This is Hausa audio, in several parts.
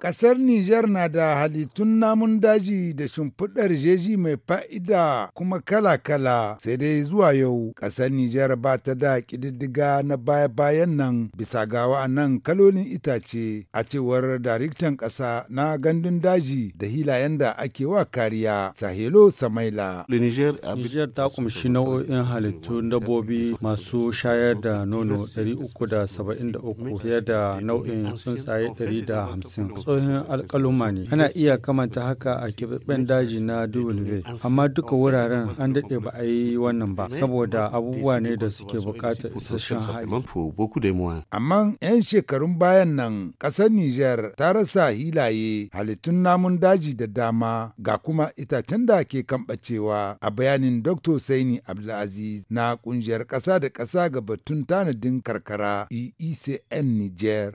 Ƙasar Nijar na da halittun namun daji da shimfiɗar jeji mai fa'ida kuma kala-kala sai dai zuwa yau ƙasar Nijar ba ta da ƙididdiga na baya-bayan nan bisa ga wa'annan kalolin itace a cewar daraktan ƙasa na gandun daji da hilayen da ake wa kariya Sahelo Samaila. Nijar ta kumshi nau'o'in halittun dabbobi masu shayar da nono 373 fiye da nau'in tsuntsaye 150. tsohon alkaluma ne ana iya kamanta haka a kibabben daji na duwulbe amma duka wuraren an daɗe ba a yi wannan ba saboda abubuwa ne da suke buƙatar isasshen hali amma 'yan shekarun bayan nan ƙasar niger ta rasa hilaye halittun namun daji da dama ga kuma itacen da ke kamɓacewa a bayanin dr saini abdulaziz na ƙungiyar ƙasa da ƙasa ga batun tanadin karkara eecn niger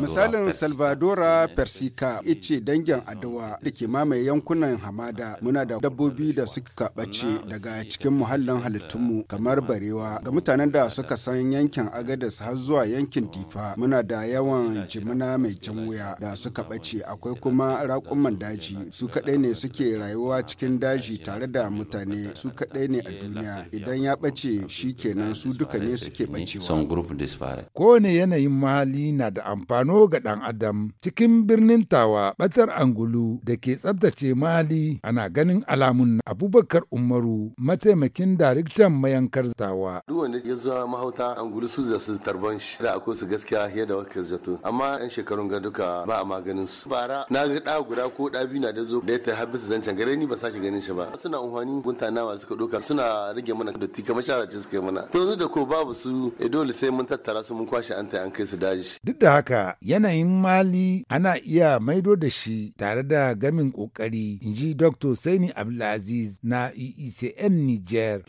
misalin salvador Dora persika ice dangin adawa da ke mamaye yankunan hamada muna da dabbobi da suka bace. daga cikin muhallin halittunmu kamar barewa ga mutanen da suka san yankin agadas har zuwa yankin difa muna da yawan jimina mai jan wuya da suka bace. akwai kuma raƙuman daji su kaɗai ne suke rayuwa cikin daji tare da mutane su kaɗai ne a duniya idan ya bace. shi kenan su duka ne suke ɓacewa. Kowane yanayin mahali na da amfano ga ɗan adam cikin birnin tawa batar angulu da ke tsabtace mali ana ganin alamun abubakar umaru mataimakin daraktan mayankar tawa duk wanda ya zuwa mahauta angulu su za su tarban shi da akwai su gaskiya yadda wakil zato amma yan shekarun ga duka ba a maganin su bara na ga da guda ko da biyu na da zo da ta habis zancen gare ni ba sake ganin shi ba suna unhwani gunta nawa ka doka suna rage mana da tika sharaci suka yi mana to da ko babu su eh, dole sai mun tattara su mun kwashe an ta an kai su daji duk da haka yanayin mali ana iya maido da shi tare da gamin kokari. in ji Dr. Saini Abdulaziz na EECN Niger.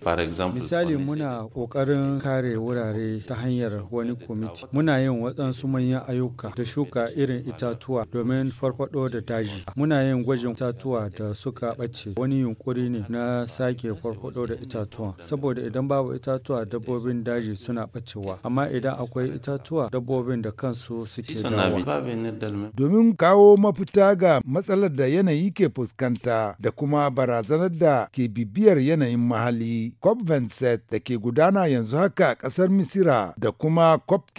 Misali muna kokarin kare wurare ta hanyar wani kwamiti. Muna yin waɗansu manyan ayyuka da shuka irin itatuwa domin farfaɗo da daji. Muna yin gwajin itatuwa da suka ɓace wani yunkuri ne na sake farfaɗo da itatuwa. Saboda idan babu itatuwa dabbobin daji suna ɓacewa. Amma idan akwai itatuwa dabbobin da kansu suke dawa. domin kawo mafita ga matsalar da yanayi ke fuskanta da kuma barazanar da ke bibiyar yanayin mahalli cop da ke gudana yanzu haka a ƙasar misira da kuma cop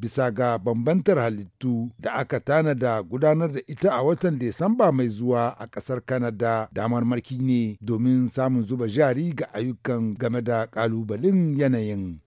bisa ga bambantar halittu da aka tanada gudanar da ita a watan Desamba mai zuwa a ƙasar Kanada damar marki ne domin samun zuba jari ga ayyukan game da ƙalubalen yanayin.